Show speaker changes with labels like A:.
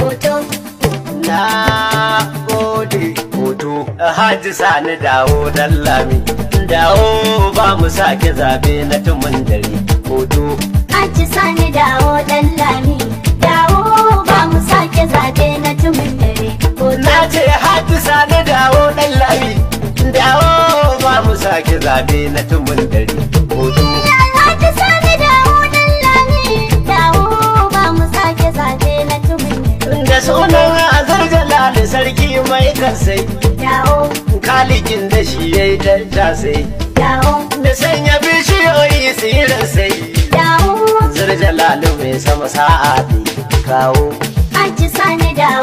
A: hoto na
B: gode hoto haji sani dawo dallami dawo ba mu sake zabe na tumin dare
A: hoto haji sani dawo dallami dawo ba mu sake zabe na tumin dare hoto na ce haji sani dawo dallami dawo ba mu
C: sake zabe na tumin dare
D: da sunan azar jalali
E: sarki mai kasai kalikin da shi ya yi tattasai da sanya bishiyoyi tsirin sai
F: zar mai sama sa'a kawo
A: aji sani da